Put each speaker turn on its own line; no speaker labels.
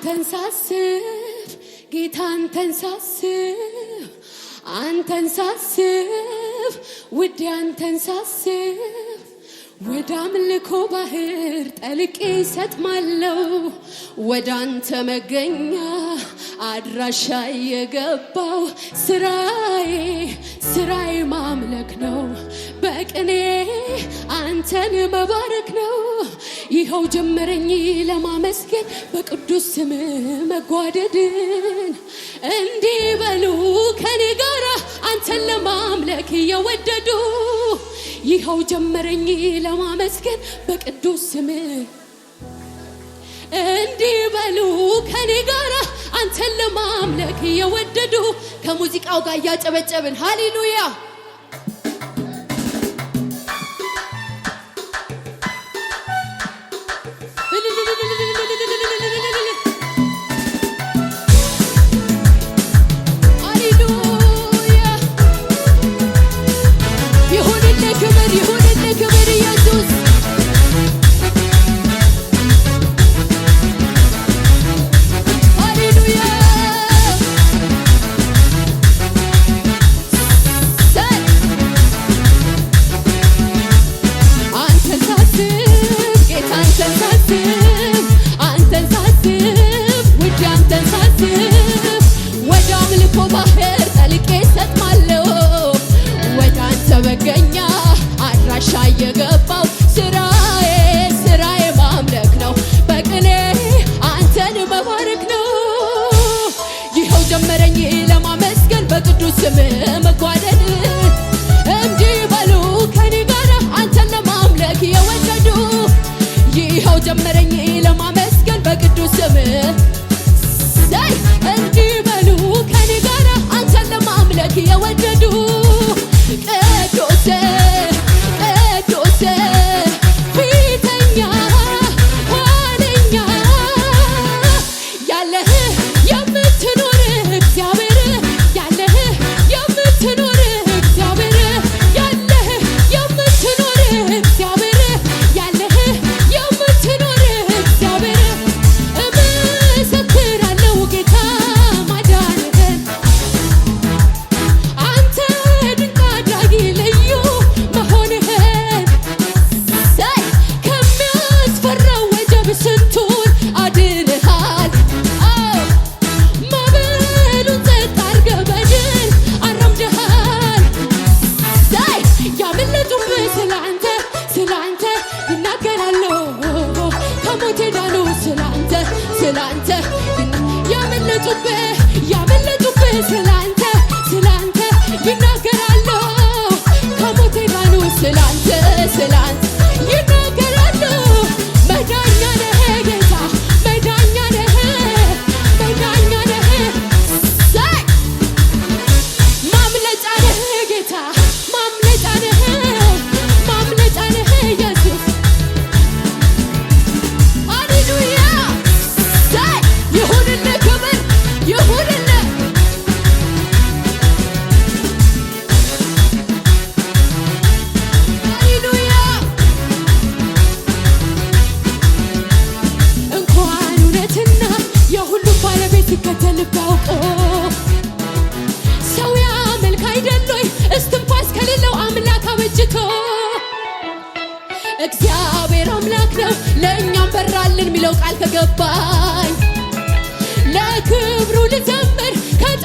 አንተን ሳስብ ጌታ አንተን ሳስብ አንተን ሳስብ ውድ አንተን ሳስብ ወደ አምልኮ ባህር ጠልቄ ሰጥማለው ወደ አንተ መገኛ አድራሻ የገባው ስራዬ ስራዬ ማምለክ ነው በቅኔ አንተን መባረ ይኸው ጀመረኝ ለማመስገን በቅዱስ ስም መጓደድን እንዲህ በሉ ከኔ ጋራ አንተን ለማምለክ እየወደዱ ይኸው ጀመረኝ ለማመስገን በቅዱስ ስም እንዲህ በሉ ከኔ ጋራ አንተን ለማምለክ እየወደዱ ከሙዚቃው ጋር እያጨበጨብን ሃሌሉያ ስም ከገባኝ ለክብሩ ልዘምር ከጣ